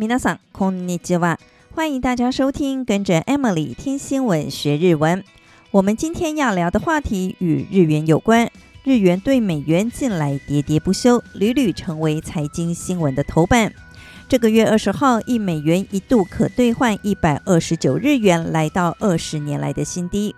皆さんこんにちは。歡迎大家收聽，跟着 Emily 聽新聞學日文。我們今天要聊的話題與日元有關。日元兌美元近來跌跌不休，屢屢成為財經新聞的頭版。這個月二十號，一美元一度可兌換一百二十九日元，來到二十年來的新低，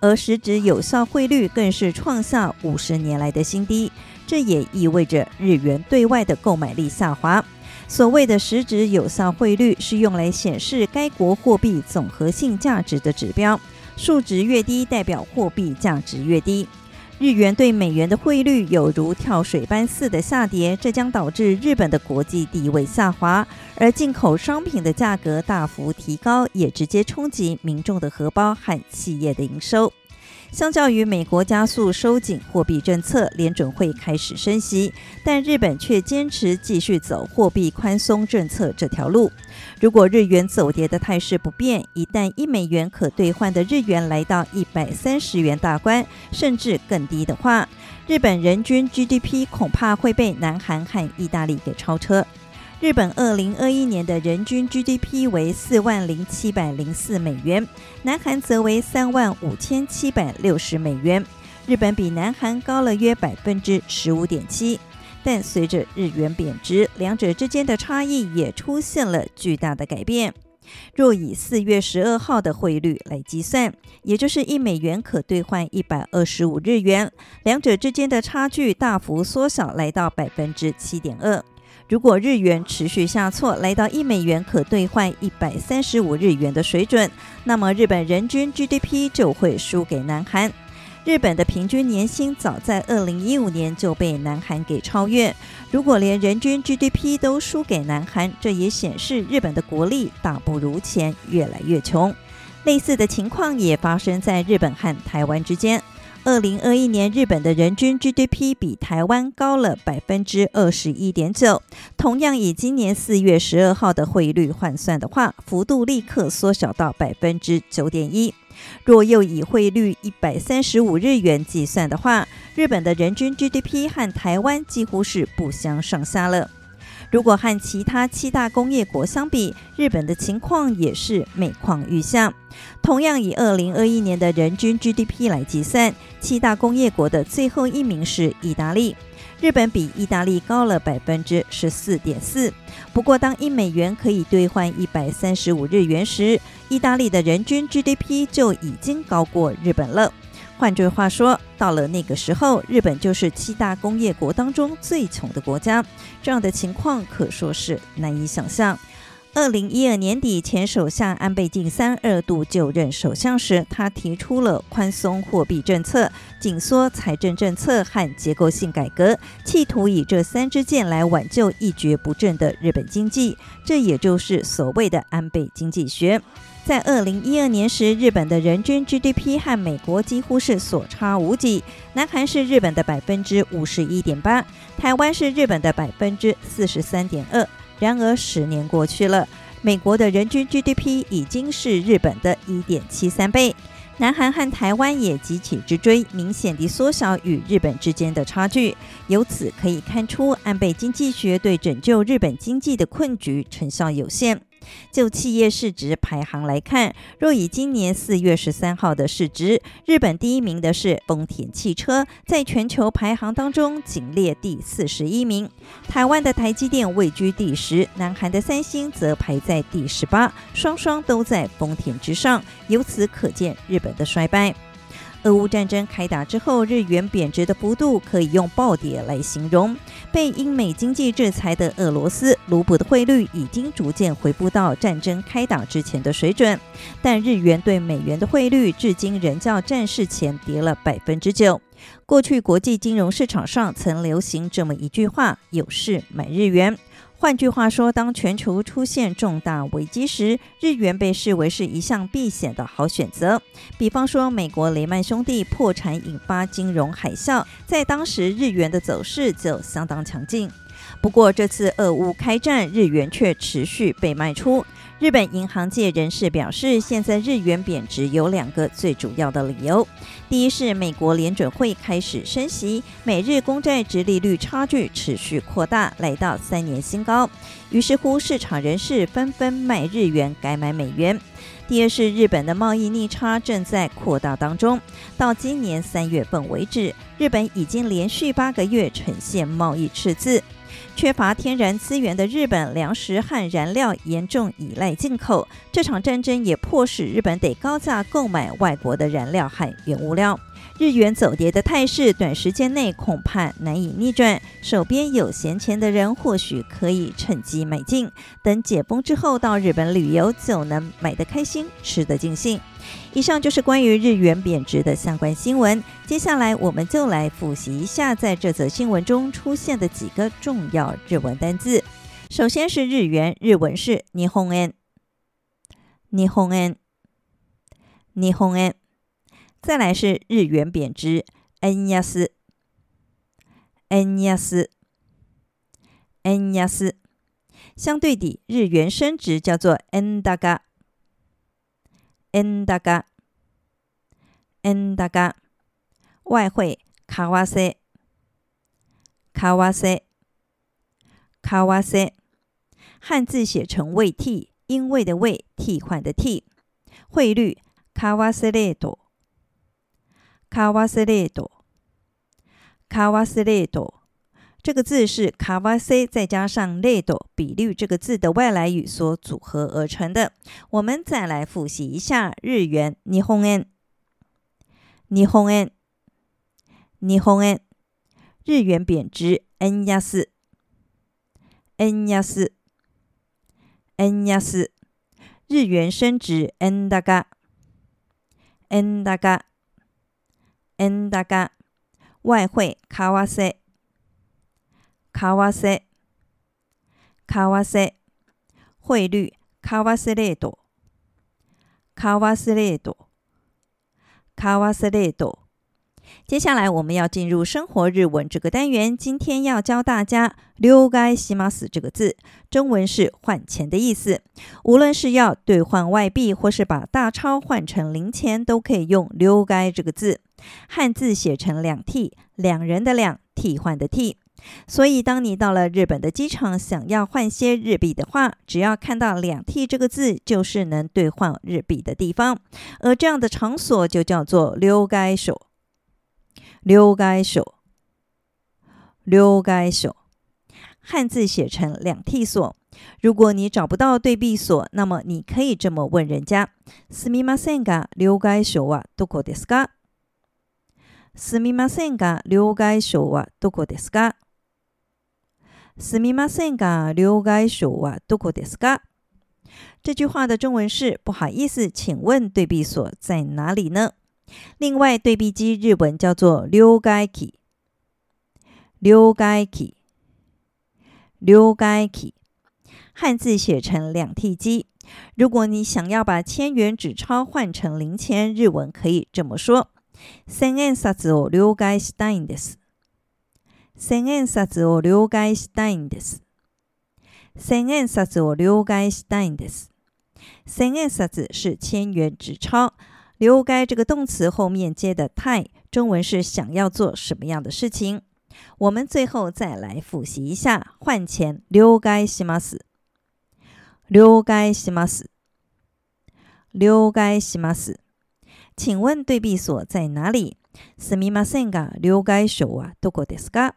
而實質有效匯率更是創下五十年來的新低。這也意味着日元對外的購買力下滑。所謂的實質有效匯率是用來顯示該國貨幣總和性價值的指標，數值越低，代表貨幣價值越低。日元對美元的匯率有如跳水般似的下跌，這將導致日本的國際地位下滑，而進口商品的價格大幅提高，也直接衝擊民眾的荷包和企業的營收。相較於美國加速收緊貨幣政策，聯準會開始升息，但日本卻堅持繼續走貨幣寬鬆政策這條路。如果日元走跌的態勢不變，一旦一美元可兌換的日元來到一百三十元大關，甚至更低的話，日本人均 GDP 恐怕會被南韓和意大利給超車。日本二零二一年的人均 GDP 為四萬零七百零四美元，南韓則為三萬五千七百六十美元。日本比南韓高了約百分之十五點七。但隨着日元貶值，兩者之間的差異也出現了巨大的改變。若以四月十二號的匯率來計算，也就是一美元可兌換一百二十五日元，兩者之間的差距大幅縮小，來到百分之七點二。如果日元持續下挫，來到一美元可兌換一百三十五日元的水準，那麼日本人均 GDP 就會輸給南韓。日本的平均年薪早在二零一五年就被南韓給超越。如果連人均 GDP 都輸給南韓，這也顯示日本的國力大不如前，越來越窮。類似的情況也發生在日本和台灣之間。二零二一年，日本的人均 GDP 比台灣高了百分之二十一點九。同樣以今年四月十二號的匯率換算的話，幅度立刻縮小到百分之九點一。若又以匯率一百三十五日元計算的話，日本的人均 GDP 和台灣幾乎是不相上下了。如果和其他七大工業國相比，日本的情況也是每況愈下。同樣以二零二一年的人均 GDP 來計算，七大工業國的最後一名是意大利，日本比意大利高了百分之十四點四。不過，當一美元可以兌換一百三十五日元時，意大利的人均 GDP 就已經高過日本了。換句話說，到了那個時候，日本就是七大工業國當中最窮的國家。這樣的情況可說是難以想象。二零一二年底，前首相安倍晉三二度就任首相時，他提出了寬鬆貨幣政策、緊縮財政政策和結構性改革，企圖以這三支箭來挽救一蹶不振的日本經濟。這也就是所謂的安倍經濟學。在二零一二年時，日本的人均 GDP 和美國幾乎是所差無幾，南韓是日本的百分之五十一點八，台灣是日本的百分之四十三點二。然而，十年過去了，美國的人均 GDP 已經是日本的1.73倍，南韓和台灣也急起直追，明顯地縮小與日本之間的差距。由此可以看出，安倍經濟學對拯救日本經濟的困局成效有限。就企業市值排行來看，若以今年四月十三號的市值，日本第一名的是豐田汽車，在全球排行當中僅列第四十一名。台灣的台積電位居第十，南韓的三星則排在第十八，雙雙都在豐田之上。由此可見，日本的衰敗。俄烏戰爭開打之後，日元貶值的幅度可以用暴跌來形容。被英美經濟制裁的俄羅斯盧布的匯率已經逐漸恢復到戰爭開打之前的水準，但日元對美元的匯率至今仍較戰事前跌了百分之九。過去國際金融市場上曾流行這麼一句話：“有事買日元。”換句話說，當全球出現重大危機時，日元被視為是一項避險的好選擇。比方說，美國雷曼兄弟破產引發金融海嘯，在當時日元的走勢就相當強勁。不過，這次俄烏開戰，日元卻持續被賣出。日本銀行界人士表示，現在日元貶值有兩個最主要的理由：第一是美國聯準會開始升息，美日公債殖利率差距持續擴大，來到三年新高；於是乎，市場人士紛紛賣日元改買美元。第二是日本的貿易逆差正在擴大當中，到今年三月份為止，日本已經連續八個月呈現貿易赤字。缺乏天然資源的日本，糧食和燃料嚴重依賴進口。這場戰爭也迫使日本得高價購買外國的燃料和原物料。日元走跌的態勢，短時間內恐怕難以逆轉。手邊有閒錢的人，或許可以趁機買進。等解封之後，到日本旅遊就能買得開心，吃得盡興。以上就是關於日元貶值的相關新聞。接下來，我們就來復習一下在這則新聞中出現的幾個重要日文單字，首先是日元，日文是“ニホンエン”，“ニホンエン”、“ニホンエン”；再來是日元貶值，“エンヤス”，“エンヤス”，“エンヤス”。相對的，日元升值叫做“エンダカ”。恩達嘎，恩達嘎，外匯，卡瓦塞，卡瓦塞，卡瓦塞，漢字寫成“為替”，因為的“為”、替換的“替”，匯率卡瓦塞雷度，卡瓦塞雷度，卡瓦塞雷度。這個字是卡瓦塞再加上雷朵，比率這個字的外來語所組合而成的。我們再來複習一下日元日本円，日元、尼紅安、尼紅安、尼紅安。日元貶值，恩壓斯，恩壓斯，恩壓斯。日元升值，恩大嘎，恩大嘎，恩大嘎。外匯卡瓦塞。卡瓦塞，卡瓦塞，匯率卡瓦塞列多，卡瓦塞列多，卡瓦塞列多。接下來我們要進入生活日文這個單元，今天要教大家“溜該”西馬死這個字，中文是換錢的意思。無論是要兌換外幣，或是把大鈔換成零錢，都可以用“溜該”這個字。漢字寫成兩替，兩人的兩，替換的替。所以，當你到了日本的機場，想要換些日幣的話，只要看到“兩替”這個字，就是能兌換日幣的地方。而這樣的場所就叫做手“留該所”，留該所，留該所，漢字寫成“兩替所”。如果你找不到兌幣所，那麼你可以這麼問人家：“す、嗯、 みませんが、留改所はどこですか？”“すみませんが、留改所はどこですか？” すみませんが、両替所はどこですか？這句話的中文是，不好意思，請問兌幣所在哪裡呢？另外，兌幣機日文叫做両替機，両替機，両替機，漢字寫成兩替機。如果你想要把千元紙鈔換成零錢，日文可以這麼說：千円札を両替したいんです。千円札を両替したいんです。千円札を両替したいんです。千円札是千元紙鈔，両替這個動詞後面接的たい，中文是想要做什麼樣的事情？我們最後再來複習一下換錢，両替します。両替します。両替します。請問兌幣所在哪裡？すみませんが、両替所はどこですか？